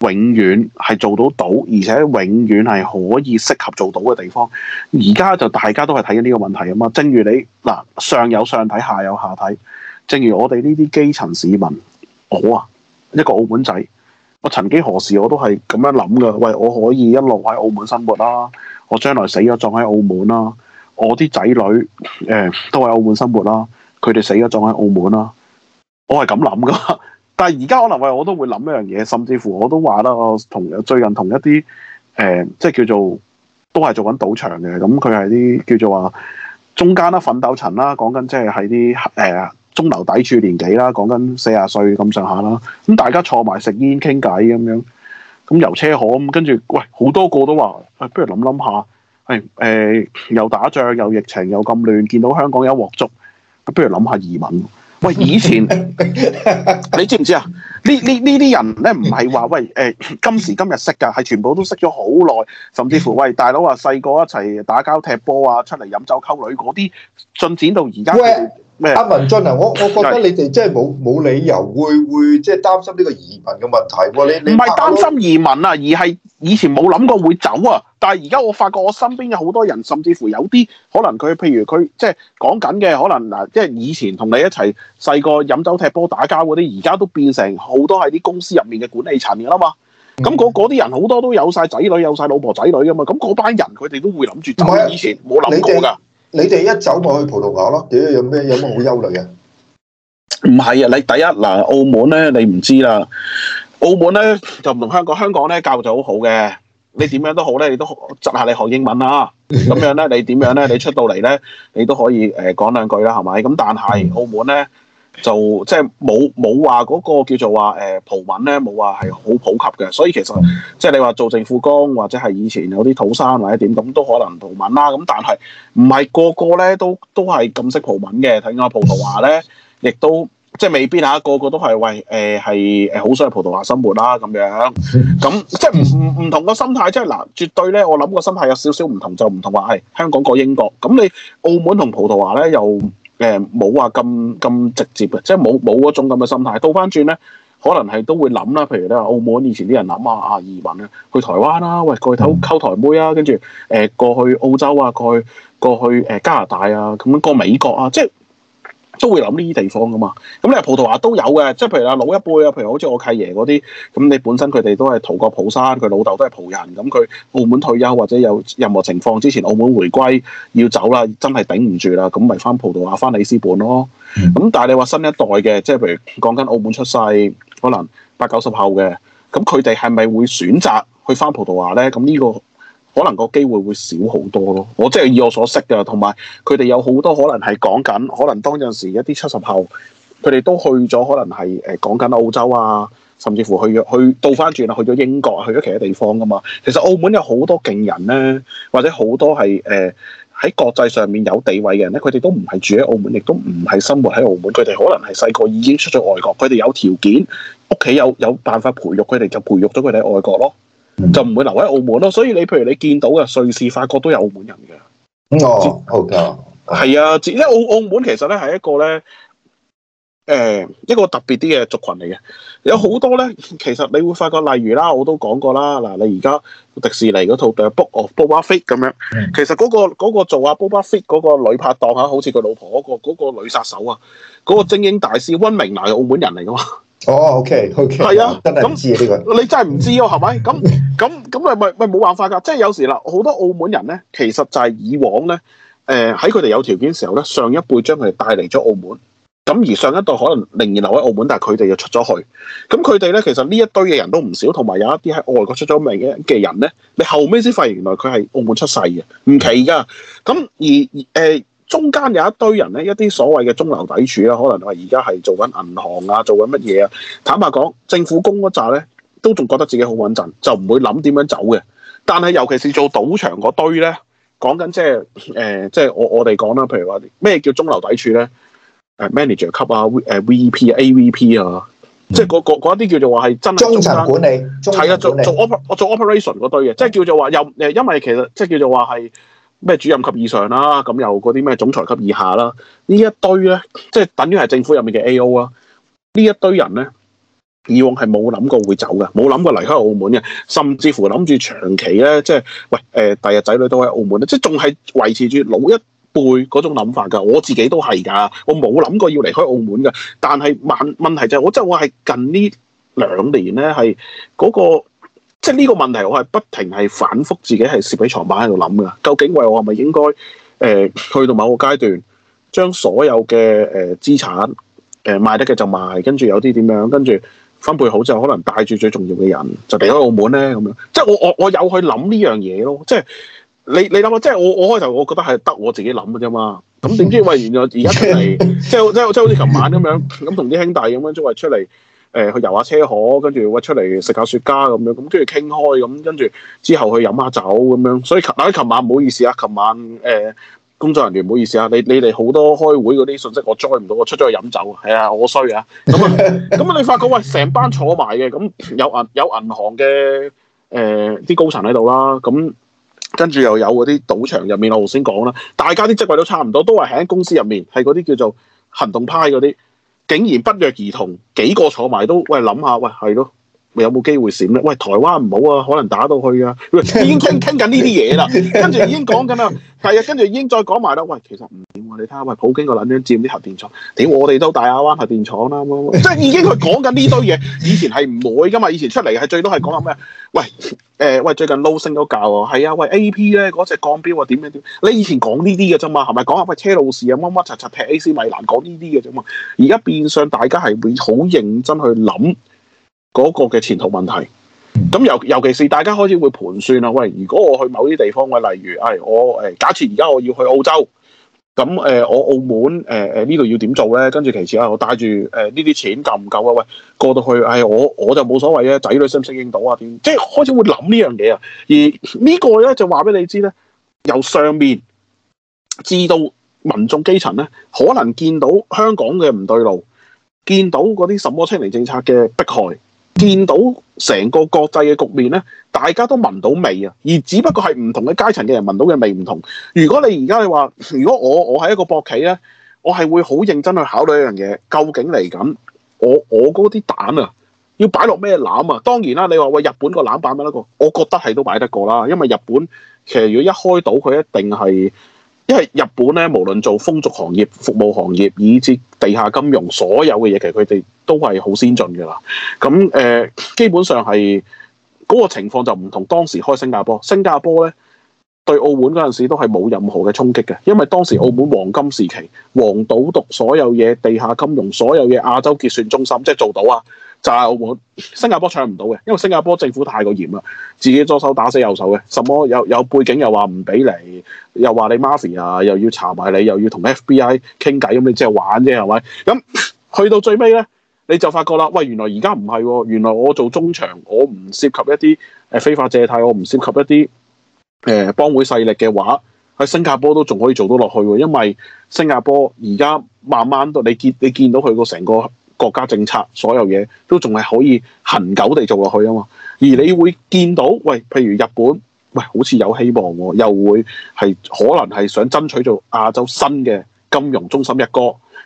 永遠係做到到，而且永遠係可以適合做到嘅地方？而家就大家都係睇緊呢個問題啊嘛，正如你嗱上有上睇，下有下睇，正如我哋呢啲基層市民，我啊一個澳門仔。我曾經何時我都係咁樣諗噶，喂，我可以一路喺澳門生活啦，啊，我將來死咗葬喺澳門啦，啊，我啲仔女誒、呃、都喺澳門生活啦，啊，佢哋死咗葬喺澳門啦，啊，我係咁諗噶。但係而家可能喂，我都會諗一樣嘢，甚至乎我都話啦，我同最近同一啲誒、呃，即係叫做都係做緊賭場嘅，咁佢係啲叫做話中間啦奮鬥層啦，講緊即係喺啲誒。呃中流砥柱年紀啦，講緊四廿歲咁上下啦，咁大家坐埋食煙傾偈咁樣，咁遊車河咁，跟住喂，好多個都話，不如諗諗下，係誒、呃、又打仗又疫情又咁亂，見到香港有鑊粥，不如諗下移民。喂，以前你知唔知啊？ 呢呢呢啲人咧唔係話喂誒、呃、今時今日識㗎，係全部都識咗好耐，甚至乎喂大佬啊，細個一齊打交踢波啊，出嚟飲酒溝女嗰啲，進展到而家。 阿文進啊，我我覺得你哋即係冇冇理由會會即係擔心呢個移民嘅問題喎，你唔係擔心移民啊，而係以前冇諗過會走啊，但係而家我發覺我身邊有好多人，甚至乎有啲可能佢，譬如佢即係講緊嘅，可能嗱，即係以前同你一齊細個飲酒踢波打交嗰啲，而家都變成好多喺啲公司入面嘅管理層噶啦嘛。咁嗰啲人好多都有晒仔女，有晒老婆仔女噶嘛，咁嗰班人佢哋都會諗住走，是以前冇諗過㗎。你哋一走咪去葡萄牙咯，屌有咩有乜好憂慮啊？唔係啊，你第一嗱，澳門咧你唔知啦，澳門咧就唔同香港，香港咧教育就好好嘅，你點樣都好咧，你都執下你學英文啦，咁 樣咧你點樣咧你出到嚟咧，你都可以誒、呃、講兩句啦，係咪？咁但係澳門咧。 就即係冇冇話嗰個叫做話誒葡文咧，冇話係好普及嘅。所以其實即係你話做政府工或者係以前有啲土生或者點咁都可能葡文啦。咁但係唔係個個咧都都係咁識葡文嘅。睇下葡萄牙咧，亦都即係未必嚇、啊、個個都係喂誒係誒好想去葡萄牙生活啦咁樣。咁即係唔唔唔同個心態，即係嗱，絕對咧我諗個心態有少少唔同，就唔同話係香港過英國。咁你澳門同葡萄牙咧又？又誒冇話咁咁直接嘅，即係冇冇嗰種咁嘅心態。倒翻轉咧，可能係都會諗啦。譬如咧，澳門以前啲人諗啊，啊移民咧，去台灣啦、啊，喂，過去溝台妹啊，跟住誒過去澳洲啊，過去過去誒、呃、加拿大啊，咁樣過美國啊，即係。都會諗呢啲地方噶嘛，咁你話葡萄牙都有嘅，即係譬如啊老一輩啊，譬如好似我契爺嗰啲，咁你本身佢哋都係逃過普山，佢老豆都係葡人，咁佢澳門退休或者有任何情況之前，澳門回歸要走啦，真係頂唔住啦，咁咪翻葡萄牙翻里斯本咯。咁、嗯、但係你話新一代嘅，即係譬如講緊澳門出世，可能八九十後嘅，咁佢哋係咪會選擇去翻葡萄牙呢？咁呢、呢個？可能個機會會少好多咯，我即係以我所識嘅，同埋佢哋有好多可能係講緊，可能當陣時一啲七十後，佢哋都去咗，可能係誒講緊澳洲啊，甚至乎去去去倒翻轉啦，去咗英國啊，去咗其他地方噶嘛。其實澳門有好多勁人咧，或者好多係誒喺國際上面有地位嘅人咧，佢哋都唔係住喺澳門，亦都唔係生活喺澳門，佢哋可能係細個已經出咗外國，佢哋有條件，屋企有有辦法培育佢哋，就培育咗佢哋喺外國咯。就唔會留喺澳門咯，所以你譬如你見到嘅瑞士、法國都有澳門人嘅。哦，好嘅，係啊，因為澳澳門其實咧係一個咧，誒、呃、一個特別啲嘅族群嚟嘅。有好多咧，其實你會發覺，例如啦，我都講過啦，嗱，你而家迪士尼嗰套《The Book of Boba Fett》咁樣，mm. 其實嗰、那個那個做啊 Boba Fett 嗰個女拍檔嚇、啊，好似個老婆嗰、那個那個女殺手啊，嗰、那個精英大師温明娜係澳門人嚟噶嘛。 哦，OK，OK，係啊，真係唔知呢個，你真係唔知啊，係咪？咁咁咁咪咪咪冇辦法噶，即係有時啦，好多澳門人咧，其實就係以往咧，誒喺佢哋有條件嘅時候咧，上一輩將佢哋帶嚟咗澳門，咁而上一代可能寧願留喺澳門，但係佢哋又出咗去，咁佢哋咧其實呢一堆嘅人都唔少，同埋有一啲喺外國出咗名嘅人咧，你後尾先發現原來佢係澳門出世嘅，唔奇噶，咁而誒。呃呃中間有一堆人咧，一啲所謂嘅中流砥柱啦，可能話而家係做緊銀行啊，做緊乜嘢啊？坦白講，政府工嗰紮咧都仲覺得自己好穩陣，就唔會諗點樣走嘅。但係尤其是做賭場嗰堆咧，講緊即係誒，即係我我哋講啦，譬如話咩叫中流砥柱咧？誒、呃、manager 級啊，誒 V P 啊，A V P 啊，嗯、即係嗰啲叫做話係中層管理，係啊，做做 oper 我做 operation 嗰堆嘅，即係叫做話又誒，因為其實即係叫做話係。咩主任級以上啦，咁又嗰啲咩總裁級以下啦，呢一堆咧，即係等於係政府入面嘅 A.O. 啦，呢一堆人咧，以往係冇諗過會走嘅，冇諗過離開澳門嘅，甚至乎諗住長期咧，即係喂誒，第日仔女都喺澳門，即係仲係維持住老一輩嗰種諗法㗎。我自己都係㗎，我冇諗過要離開澳門嘅。但係問問題就係我即係我係近呢兩年咧係嗰個。即係呢個問題，我係不停係反覆自己係蝕喺床板喺度諗噶。究竟為我係咪應該誒、呃、去到某個階段，將所有嘅誒、呃、資產誒、呃、賣得嘅就賣，跟住有啲點樣，跟住分配好就可能帶住最重要嘅人就離開澳門咧？咁樣即係我我我有去諗呢樣嘢咯。即係你你諗下，即係我我開頭我覺得係得我自己諗嘅啫嘛。咁點知為原、呃、來而家係即係即係即係好似琴晚咁樣，咁同啲兄弟咁樣出嚟出嚟。誒、呃、去遊下車河，跟住屈出嚟食下雪茄咁樣，咁跟住傾開咁，跟住之後去飲下酒咁樣。所以嗱，喺、呃、琴晚唔好意思啊，琴晚誒、呃、工作人員唔好意思啊，你你哋好多開會嗰啲信息我 join 唔到，我出咗去飲酒，係、哎、啊，我衰啊。咁啊，咁你發覺喂，成班坐埋嘅，咁有銀有銀行嘅誒啲高層喺度啦，咁跟住又有嗰啲賭場入面我頭先講啦，大家啲職位都差唔多，都係喺公司入面，係嗰啲叫做行動派嗰啲。竟然不約而同，幾個坐埋都，喂，諗下，喂，係咯。有冇機會閃咧？喂，台灣唔好啊，可能打到去啊！已經傾傾緊呢啲嘢啦，跟住已經講緊啦，係啊， 跟住已經再講埋啦。喂，其實唔掂喎，你睇下喂，普京個撚樣佔啲核電廠，屌我哋都大亞灣核電廠啦，啊，即係 已經佢講緊呢堆嘢。以前係唔會㗎嘛，以前出嚟係最多係講下咩？喂，誒、呃、喂，最近升咗價喎，係啊，喂 A P 咧嗰隻鋼標啊點樣點？你以前講呢啲嘅啫嘛，係咪講下喂車路士啊乜乜柒柒劈 A C 米蘭講呢啲嘅啫嘛？而家變相大家係會好認，認真去諗。嗰個嘅前途問題，咁尤尤其是大家開始會盤算啦。喂，如果我去某啲地方喂，例如，誒、哎，我誒，假設而家我要去澳洲，咁誒、呃，我澳門，誒、呃、誒呢度要點做咧？跟住其次啊，我帶住誒呢啲錢夠唔夠啊？喂，過到去，誒、哎、我我就冇所謂啊，仔女適唔適應到啊？點即係開始會諗呢樣嘢啊？而個呢個咧就話俾你知咧，由上面至到民眾基層咧，可能見到香港嘅唔對路，見到嗰啲什麼清零政策嘅迫害。見到成個國際嘅局面咧，大家都聞到味啊，而只不過係唔同嘅階層嘅人聞到嘅味唔同。如果你而家你話，如果我我係一個博企咧，我係會好認真去考慮一樣嘢，究竟嚟緊我我嗰啲蛋啊，要擺落咩籃啊？當然啦，你話喂日本個籃擺唔得過，我覺得係都擺得過啦，因為日本其實如果一開到佢一定係。因為日本咧，無論做風俗行業、服務行業，以至地下金融，所有嘅嘢其實佢哋都係好先進噶啦。咁誒、呃，基本上係嗰、嗰個情況就唔同當時開新加坡。新加坡咧對澳門嗰陣時都係冇任何嘅衝擊嘅，因為當時澳門黃金時期、黃賭毒所有嘢、地下金融所有嘢、亞洲結算中心，即係做到啊。就係、是、我新加坡搶唔到嘅，因為新加坡政府太過嚴啦，自己左手打死右手嘅，什麼有有背景又話唔俾你，又話你 Mafia 啊，又要查埋你，又要同 FBI 傾偈，咁你即係玩啫，係咪？咁、嗯、去到最尾咧，你就發覺啦，喂，原來而家唔係喎，原來我做中場，我唔涉及一啲誒非法借貸，我唔涉及一啲誒幫會勢力嘅話，喺新加坡都仲可以做到落去喎，因為新加坡而家慢慢到你見你見，你見到佢個成個。國家政策所有嘢都仲係可以恒久地做落去啊嘛，而你會見到，喂，譬如日本，喂，好似有希望、啊，又會係可能係想爭取做亞洲新嘅金融中心一哥，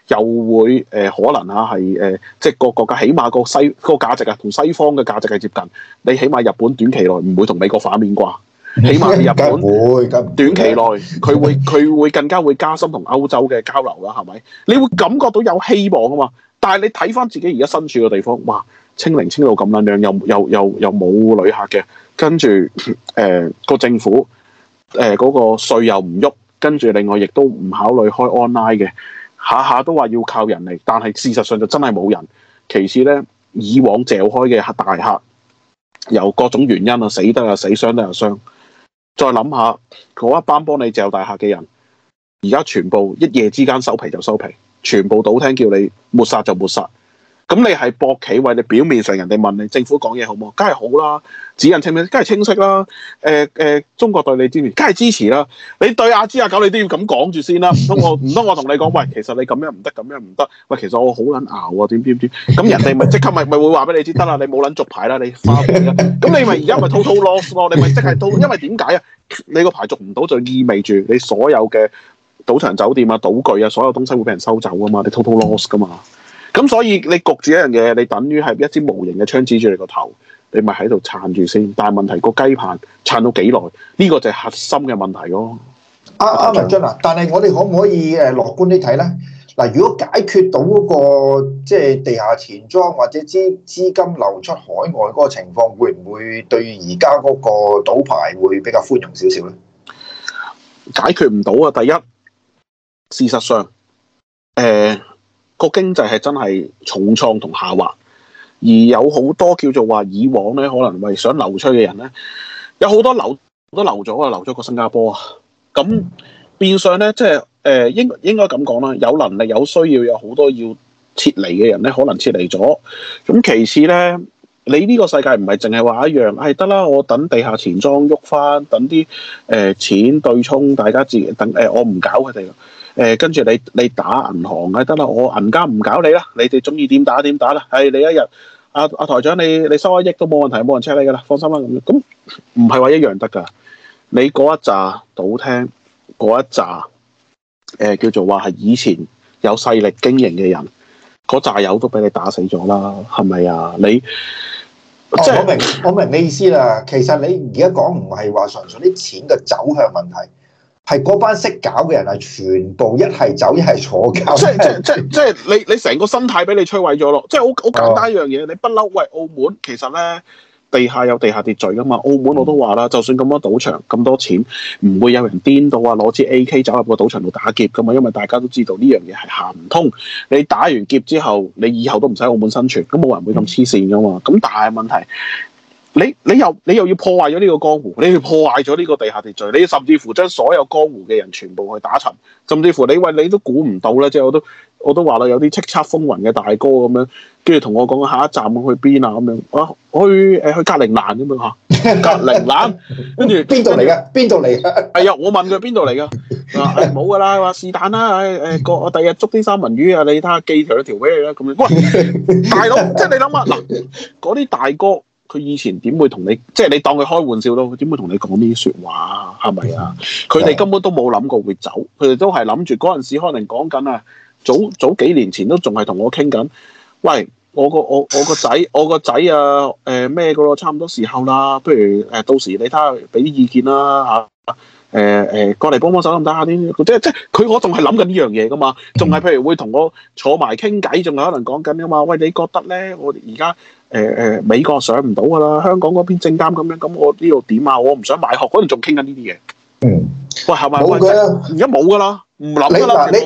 又會誒、呃、可能啊係誒、呃，即係個國家起碼個西嗰、嗰個價值啊，同西方嘅價值係接近。你起碼日本短期內唔會同美國反面啩，起碼日本會，會短期內佢會佢會更加會加深同歐洲嘅交流啦，係咪？你會感覺到有希望啊嘛～但係你睇翻自己而家身處嘅地方，哇，清零清到咁撚樣，又又又冇旅客嘅，跟住誒個政府誒嗰個稅又唔喐，跟住另外亦都唔考慮開 online 嘅，下下都話要靠人嚟，但係事實上就真係冇人。其次呢，以往嚼開嘅客大客，由各種原因啊死得啊死，傷得啊傷。再諗下嗰一班幫你嚼大客嘅人，而家全部一夜之間收皮就收皮。全部倒聽叫你抹殺就抹殺，咁你係博企位，你表面上人哋問你政府講嘢好唔好，梗係好啦，指引清唔清，梗係清晰啦。誒、呃、誒、呃，中國對你支持，梗係支持啦。你對阿支阿狗你都要咁講住先啦。唔通我唔通我同你講，喂，其實你咁樣唔得，咁樣唔得。喂，其實我好捻熬啊，點知唔知？咁人哋咪即刻咪咪會話俾你知得啦，你冇捻續牌啦，你花餅啦。咁你咪而家咪滔滔 loss 咯，你咪即係到，因為點解啊？你個牌續唔到，就意味住你所有嘅。賭場酒店啊，賭具啊，所有東西會俾人收走噶嘛？你統統 loss 噶嘛？咁所以你焗住一樣嘢，你等於係一支無形嘅槍指住你個頭，你咪喺度撐住先。但係問題個雞棚撐到幾耐？呢、這個就係核心嘅問題咯。阿阿文進啊，但係我哋可唔可以誒樂觀啲睇咧？嗱，如果解決到嗰、那個即係、就是、地下錢莊或者資資金流出海外嗰個情況，會唔會對而家嗰個賭牌會比較寬容少少咧？解決唔到啊！第一。第一事實上，誒、呃，那個經濟係真係重創同下滑，而有好多叫做話以往咧，可能為想流出嘅人咧，有好多流都流咗啊，流咗個新加坡啊。咁變相咧，即係誒、呃、應應該咁講啦，有能力有需要有好多要撤離嘅人咧，可能撤離咗。咁其次咧，你呢個世界唔係淨係話一樣，係得啦，我等地下錢莊喐翻，等啲誒、呃、錢對沖，大家自己等誒、呃，我唔搞佢哋。誒、呃，跟住你你打銀行啊，得啦，我銀家唔搞你啦，你哋中意點打點打啦，係、哎、你一日，阿、啊、阿、啊、台長，你你收一億都冇問題，冇人 check 你噶啦，放心啦。咁咁唔係話一樣得噶，你嗰一扎賭廳嗰一扎，誒、呃、叫做話係以前有勢力經營嘅人，嗰扎友都俾你打死咗啦，係咪啊？你即係、哦、我明我明你意思啦，其實你而家講唔係話純粹啲錢嘅走向問題。係嗰班識搞嘅人係全部一係走一係坐，即即即即係你你成個心態俾你摧毀咗咯，即係好好簡單一樣嘢，你不嬲喂，澳門其實呢地下有地下秩序噶嘛，澳門我都話啦，嗯、就算咁多賭場咁多錢，唔會有人顛到啊攞支 AK 走入個賭場度打劫噶嘛，因為大家都知道呢樣嘢係行唔通，你打完劫之後你以後都唔使喺澳門生存，咁冇人會咁黐線噶嘛，咁、嗯、大問題。你你又你又要破壞咗呢個江湖，你去破壞咗呢個地下秩序，你甚至乎將所有江湖嘅人全部去打沉，甚至乎你喂，你都估唔到咧，即係我都我都話啦，有啲叱咤風雲嘅大哥咁樣，跟住同我講下一站去邊啊咁樣，啊去誒去格陵蘭咁樣嚇，格陵蘭，跟住邊度嚟噶？邊度嚟？哎呀，我問佢邊度嚟噶？冇噶啦，話是但啦，誒誒，我第日捉啲三文魚啊，你睇下寄條一條咩啦咁樣。喂，大佬，即係你諗下嗱，嗰啲大哥。佢以前點會同你，即係你當佢開玩笑咯？佢點會同你講呢啲説話啊？係咪啊？佢哋、嗯、根本都冇諗過會走，佢哋都係諗住嗰陣時可能講緊啊，早早幾年前都仲係同我傾緊。喂，我個我我個仔，我個仔啊，誒咩噶咯？差唔多時候啦，不如誒、呃、到時你睇下俾啲意見啦、啊、嚇。誒、呃、誒、呃，過嚟幫幫手咁睇下啲，即係即係佢我仲係諗緊呢樣嘢噶嘛，仲係譬如會同我坐埋傾偈，仲係可能講緊啊嘛。喂，你覺得咧？我哋而家。誒誒，美國上唔到㗎啦，香港嗰邊證監咁樣，咁我呢度點啊？我唔想買學嗰度，仲傾緊呢啲嘢。嗯，喂，係咪？冇嘅，而家冇㗎啦，唔諗㗎啦。你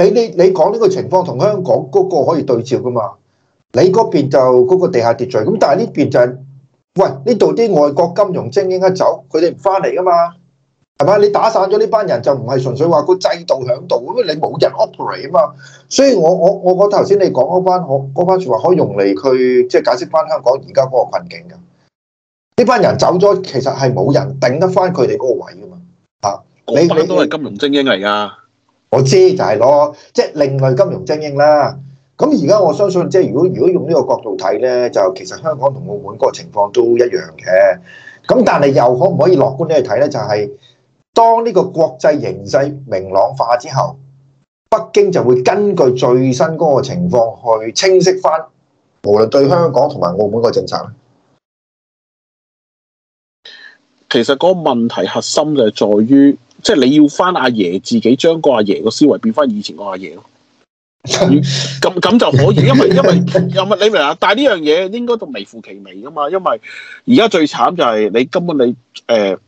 嗱，你你你講呢個情況同香港嗰個可以對照㗎嘛？你嗰邊就嗰個地下秩序，咁但係呢邊就係，喂，呢度啲外國金融精英一走，佢哋唔翻嚟㗎嘛？係咪？你打散咗呢班人，就唔係純粹話個制度響度，咁你冇人 operate 啊嘛。所以我我我我頭先你講嗰班，我嗰班說話可以用嚟去，即係解釋翻香港而家嗰個困境噶。呢班人走咗，其實係冇人頂得翻佢哋嗰個位噶嘛。啊，你你都係金融精英嚟噶，我知就係咯，即係另外金融精英啦。咁而家我相信，即係如果如果用呢個角度睇咧，就其實香港同澳門嗰個情況都一樣嘅。咁但係又可唔可以樂觀啲去睇咧？就係。當呢個國際形勢明朗化之後，北京就會根據最新嗰個情況去清晰翻，無論對香港同埋澳門個政策。其實嗰個問題核心就係在於，即係你要翻阿爺自己將個阿爺個思維變翻以前個阿爺咯。咁咁、 嗯、就可以，因為因為有乜你明啊？但係呢樣嘢應該都微乎其微噶嘛。因為而家最慘就係你根本你誒。呃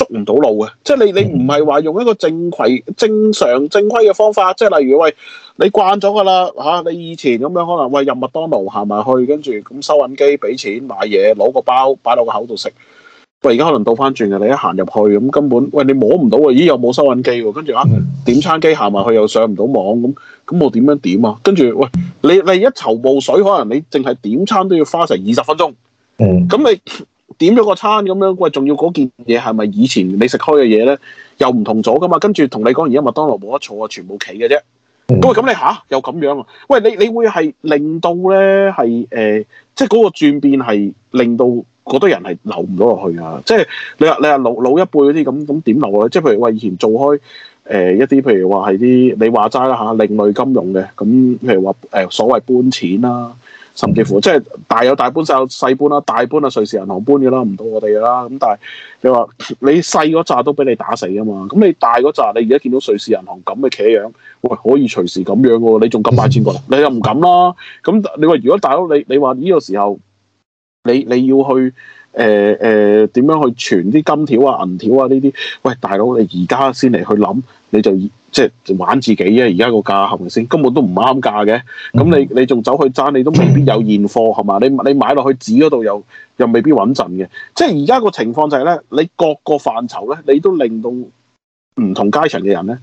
捉唔到路嘅，即係你你唔係話用一個正規正常正規嘅方法，即係例如喂，你慣咗噶啦吓，你以前咁樣可能喂入麥當勞行埋去，跟住咁收銀機俾錢買嘢，攞個包擺落個口度食。喂，而家可能倒翻轉嘅，你一行入去咁根本喂你摸唔到有啊，咦又冇收銀機喎，跟住啊點餐機行埋去又上唔到網咁，咁我點樣點啊？跟住喂你你一頭霧水，可能你淨係點餐都要花成二十分鐘，嗯，咁你。點咗個餐咁樣，喂，仲要嗰件嘢係咪以前你食開嘅嘢咧？又唔同咗噶嘛？跟住同你講，而家麥當勞冇得坐啊，全部企嘅啫。喂，咁你嚇又咁樣？喂，你你會係令到咧係誒，即係嗰個轉變係令到好多人係留唔到落去啊！即係你話你話老老一輩嗰啲咁咁點留咧？即係譬如話，以前做開誒、呃、一啲，譬如話係啲你話齋啦嚇，另類金融嘅咁、嗯，譬如話誒、呃、所謂搬錢啦、啊。甚至乎即係大有大搬，細有細搬啦。大搬啊，瑞士銀行搬嘅啦，唔到我哋嘅啦。咁但係你話你細嗰扎都俾你打死啊嘛。咁你大嗰扎，你而家見到瑞士銀行咁嘅企樣，喂，可以隨時咁樣喎。你仲咁快轉過嚟，嗯、你又唔敢啦。咁你話如果大佬你你話呢個時候你你要去誒誒點樣去存啲金條啊銀條啊呢啲？喂，大佬你而家先嚟去諗，你就。即係玩自己啫，而家個價係咪先？根本都唔啱價嘅。咁、嗯、你你仲走去爭，你都未必有現貨，係嘛、嗯？你你買落去紙嗰度又又未必穩陣嘅。即係而家個情況就係、是、咧，你各個範疇咧，你都令到唔同階層嘅人咧，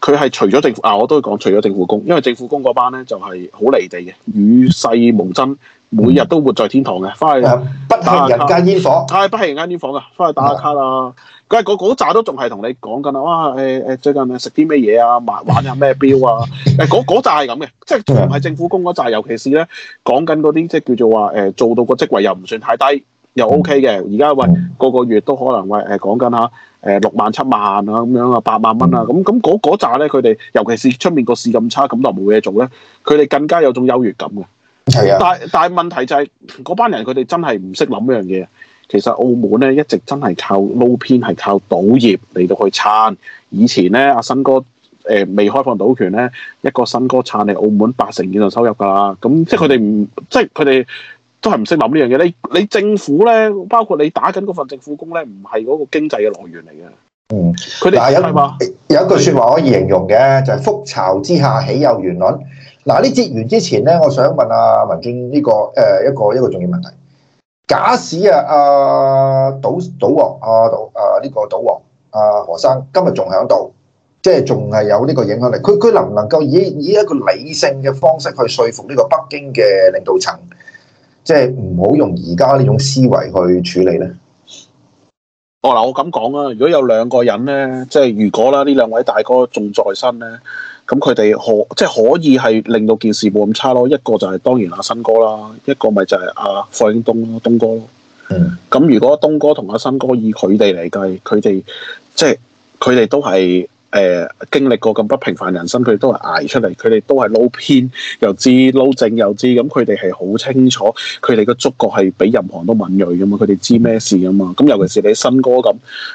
佢係除咗政府啊，我都係講除咗政府工，因為政府工嗰班咧就係好離地嘅，與世無爭，每日都活在天堂嘅。翻去、嗯、不食人間煙火，係不食人間煙火噶，翻去打下卡啦。嗰嗰扎都仲係同你講緊啊。哇，誒誒最近食啲咩嘢啊，玩玩下咩錶啊，誒嗰嗰扎係咁嘅，即係同係政府工嗰扎，尤其是咧講緊嗰啲即係叫做話誒做到個職位又唔算太低，又 OK 嘅。而家喂個個月都可能喂誒講緊啊，誒、呃呃、六萬七萬啊咁樣啊八萬蚊啊咁咁嗰嗰扎咧佢哋，尤其是出面個市咁差，咁就冇嘢做咧，佢哋更加有種優越感嘅。係啊，但但係問題就係嗰班人佢哋真係唔識諗呢樣嘢。其實澳門咧一直真係靠撈片，係靠賭業嚟到去撐。以前咧，阿新哥誒、呃、未開放賭權咧，一個新哥撐嚟澳門八成幾收入噶啦。咁即係佢哋唔，即係佢哋都係唔識諗呢樣嘢。你你政府咧，包括你打緊嗰份政府工咧，唔係嗰個經濟嘅來源嚟嘅。嗯，佢哋嗱有句話，嗎一句話可以形容嘅，的就係、是、覆巢之下，豈有完卵。嗱呢節完之前咧，我想問阿文進呢、這個誒、呃、一個一個，一個重要問題。假使啊，阿賭賭王，阿賭啊呢個賭王，阿、啊、何生今日仲喺度，即係仲係有呢個影響力。佢佢能唔能夠以以一個理性嘅方式去說服呢個北京嘅領導層，即係唔好用而家呢種思維去處理呢？我嗱，我咁講啦，如果有兩個人咧，即係如果啦，呢兩位大哥仲在生咧，咁佢哋可即係可以係令到件事冇咁差咯。一個就係當然阿新哥啦，一個咪就係阿、啊、霍英東咯，東哥咯。咁、嗯、如果東哥同阿新哥以佢哋嚟計，佢哋即係佢哋都係。誒、呃、經歷過咁不平凡人生，佢哋都係捱出嚟，佢哋都係撈偏又知撈正又知，咁佢哋係好清楚，佢哋嘅觸覺係比任何人都敏鋭噶嘛，佢哋知咩事噶嘛，咁、嗯、尤其是你新哥咁，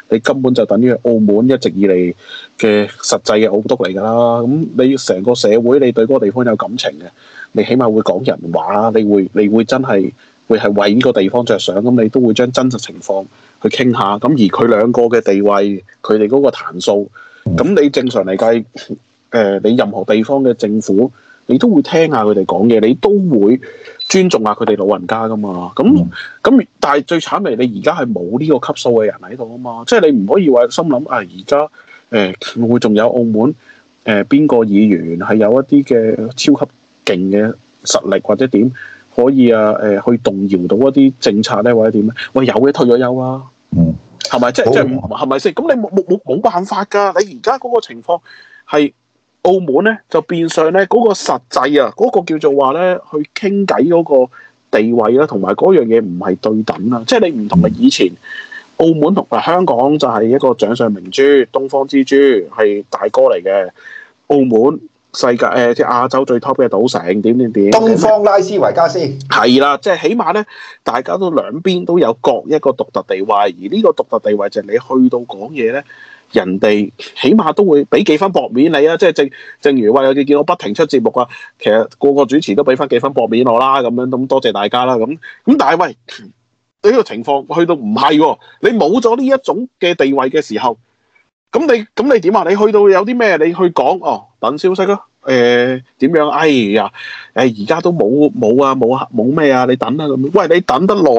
你根本就等於澳門一直以嚟嘅實際嘅澳督嚟噶啦，咁、嗯、你要成個社會你對嗰個地方有感情嘅，你起碼會講人話，你會你會真係會係為呢個地方着想，咁、嗯、你都會將真實情況去傾下，咁、嗯、而佢兩個嘅地位，佢哋嗰個彈數。咁你正常嚟計，誒、呃，你任何地方嘅政府，你都會聽下佢哋講嘢，你都會尊重下佢哋老人家噶嘛。咁咁，但係最慘咪，你而家係冇呢個級數嘅人喺度啊嘛。即係你唔可以話心諗啊，而家誒會仲有澳門誒邊、呃、個議員係有一啲嘅超級勁嘅實力或者點可以啊？誒、呃，去動搖到一啲政策咧或者點咧？我有嘅退咗休啦。係咪即即唔係咪先？咁你冇冇冇冇辦法㗎？你而家嗰個情況係澳門咧，就變相咧嗰個實際啊，嗰個叫做話咧去傾偈嗰個地位啊，同埋嗰樣嘢唔係對等啊。即係你唔同埋以前澳門同埋香港就係一個掌上明珠、東方之珠，係大哥嚟嘅澳門。世界，誒即係亞洲最 top 嘅賭城點點點？東方拉斯維加斯係啦，即係起碼咧，大家都兩邊都有各一個獨特地位，而呢個獨特地位就係你去到講嘢咧，人哋起碼都會俾幾分薄面你啊！即係正正如喂，有啲見我不停出節目啊，其實個個主持都俾翻幾分薄面我啦，咁樣咁多謝大家啦，咁咁但係喂呢個情況去到唔係喎，你冇咗呢一種嘅地位嘅時候。咁你咁你點啊？你去到有啲咩？你去講哦，等消息咯。誒、欸，點樣？哎呀，誒，而家都冇冇啊，冇啊，冇咩啊？你等啦咁。喂，你等得耐，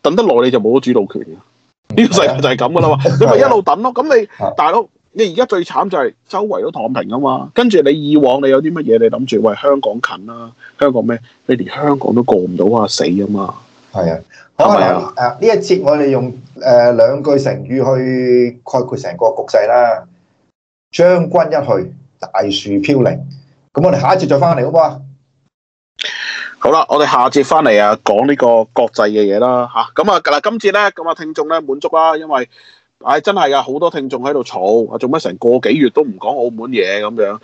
等得耐你就冇咗主導權。呢、嗯、個世界就係咁噶啦，你咪一路等咯。咁你 大佬，你而家最慘就係周圍都躺平啊嘛。跟住你以往你有啲乜嘢？你諗住喂香港近啦、啊，香港咩？你連香港都過唔到啊，死啊嘛！係的啊，好啊，呢一節我哋用誒兩句成語去概括成個局勢啦。將軍一去，大樹飄零。咁我哋下一節再翻嚟好唔好啊？好啦，我哋下節翻嚟啊，講呢個國際嘅嘢啦吓。咁啊嗱，今次咧，咁啊聽眾咧滿足啦，因為，唉、哎，真係噶，好多聽眾喺度嘈啊，做乜成個幾月都唔講澳門嘢咁樣？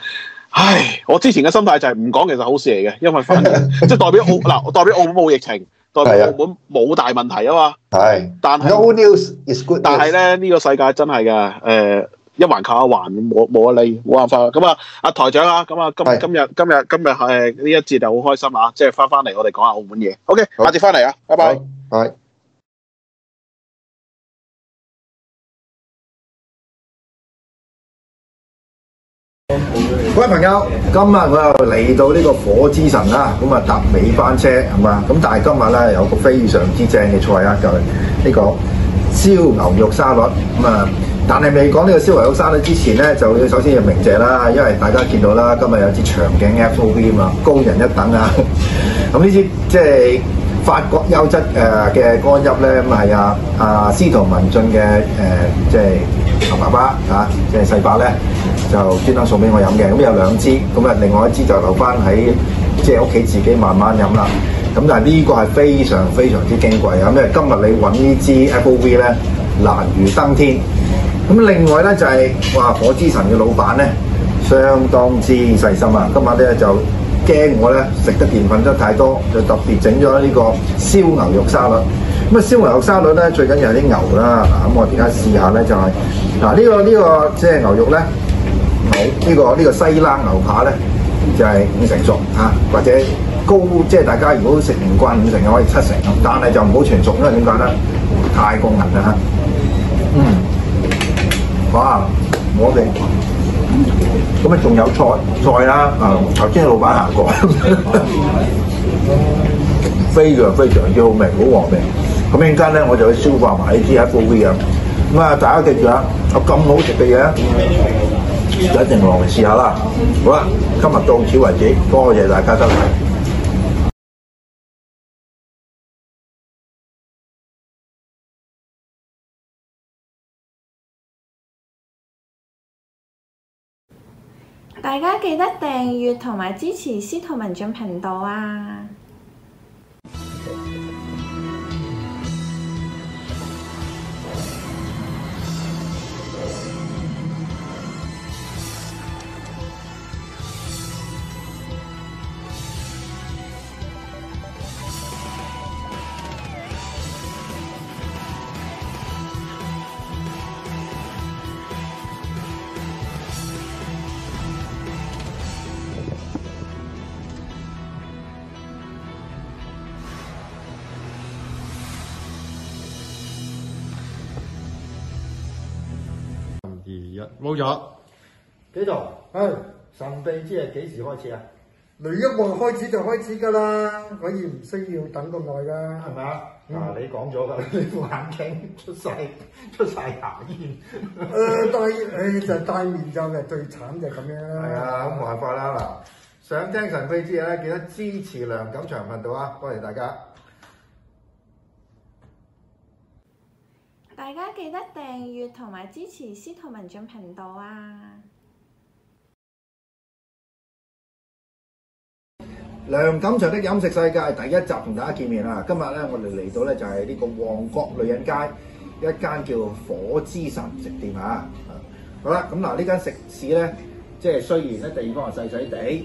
唉，我之前嘅心態就係唔講，其實好事嚟嘅，因為 即係代表澳嗱，代表澳門冇疫情。 代表澳門冇大問題啊嘛，係，但係，no news is good news，但係咧呢個世界真係嘅，誒，一環扣一環，冇冇得理，冇辦法啦。咁啊，阿台長啊，咁啊今今日今日今日誒呢一節就好開心啊，即係翻翻嚟我哋講下澳門嘢。OK，下次翻嚟啊，拜拜，係。各位朋友，今日我又嚟到呢個火之神啦，咁啊搭尾班車係嘛，咁但係今日咧有個非常之正嘅菜啊，就係呢個燒牛肉沙律，咁啊，但係未講呢個燒牛肉沙律之前咧，就要首先要鳴謝啦，因為大家見到啦，今日有支長頸 FOV 嘛，高人一等啊，咁呢支即係。法國優質誒嘅干邑咧，係啊司徒文進嘅誒、呃，即係阿爸爸嚇，即係細伯呢，就專登送俾我飲嘅。咁、嗯、有兩支，咁、嗯、另外一支就留翻喺即係屋企自己慢慢飲啦。咁、嗯、但係呢個係非常非常之矜貴啊！咩、嗯？今日你揾呢支 f p V 咧難如登天。咁、嗯、另外咧就係、是、哇，火之神嘅老闆呢。相當之細心啊！今晚咧就驚我咧食得澱粉質太多，就特別整咗呢個燒牛肉沙律。咁啊，燒牛肉沙律咧最緊要係啲牛啦。嗱，咁我而家試下咧就係嗱，呢個呢個即係牛肉咧，牛呢個呢個西冷牛扒咧就係五成熟嚇，或者高即係大家如果食唔慣五成嘅可以七成，但係就唔好全熟，因為點解咧？太過韌啦嚇。嗯，好啊，我哋。咁啊，仲有菜菜啦，啊、嗯！頭先老闆行過呵呵，非常非常之好味，好和味。咁一陣間咧，我就去消化埋呢啲喺火鍋嘅。咁啊，大家記住啊，有咁好食嘅嘢，大家一定落嚟試下啦。好啦，今日到此為止，多謝大家收睇。大家記得訂閱同埋支持司徒文進頻道啊！二一冇咗，幾度？哎是，神秘之夜幾時開始啊？雷一望開始就開始噶啦，我哋唔需要等咁耐噶，係咪啊？嗱，你講咗啦，副眼鏡出晒出晒牙煙，誒，戴誒就戴面罩嘅，最慘就係咁樣啦。係啊，咁冇辦法啦嗱，想聽神秘之夜咧，記得支持梁錦祥頻道啊，多謝，謝大家。大家記得訂閱同埋支持司徒文進頻道啊！梁錦祥的飲食世界第一集同大家見面啦！今日咧，我哋嚟到咧就係、是、呢個旺角女人街一間叫火之神食店啊！好啦，咁嗱，呢間食肆咧，即係雖然咧地方係細細地。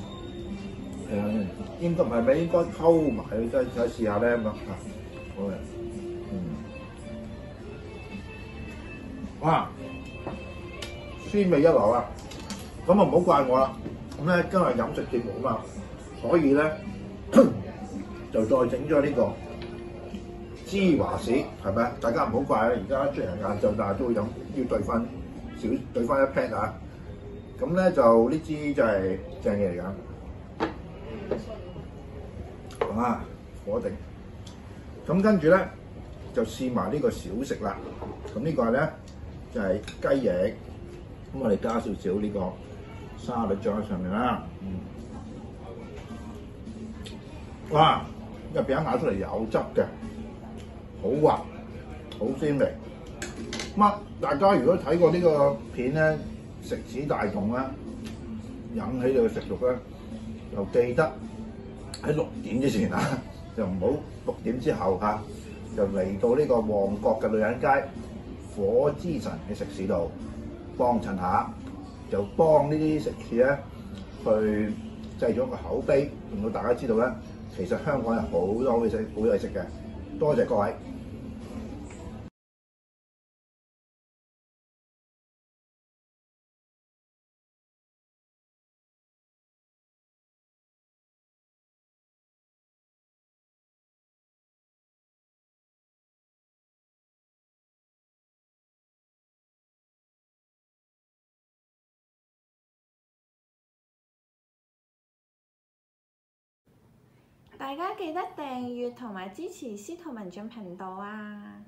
係啊、嗯，應該唔係咩？應該溝埋，真係再試下咧咁啊！好嘅，嗯，哇，酸味一流啊！咁啊唔好怪我啦。咁咧今日飲食節目啊嘛，所以咧 就再整咗呢個芝華士，係咪啊？大家唔好怪啊！而家出人晏晝，但係都要飲，要對翻少對翻一 pat 啊！咁咧就呢支就係正嘢嚟㗎。咁啊，火定，咁跟住咧就試埋呢個小食啦。咁、呢個、呢個咧就係、係、雞翼，咁我哋加少少呢個沙律醬喺上面啦。哇、嗯，個、啊、餅咬出嚟有汁嘅，好滑，好鮮味。咁啊，大家如果睇過呢個片咧，食指大動啦，引起你個食慾啦。又記得喺六點之前啊，就唔好六點之後嚇、啊，就嚟到呢個旺角嘅女人街火之神嘅食肆度幫襯下，就幫呢啲食肆咧去製咗個口碑，令到大家知道咧，其實香港有好多好嘢食，好嘢食嘅，多謝各位。大家記得訂閱同埋支持司徒文進頻道啊！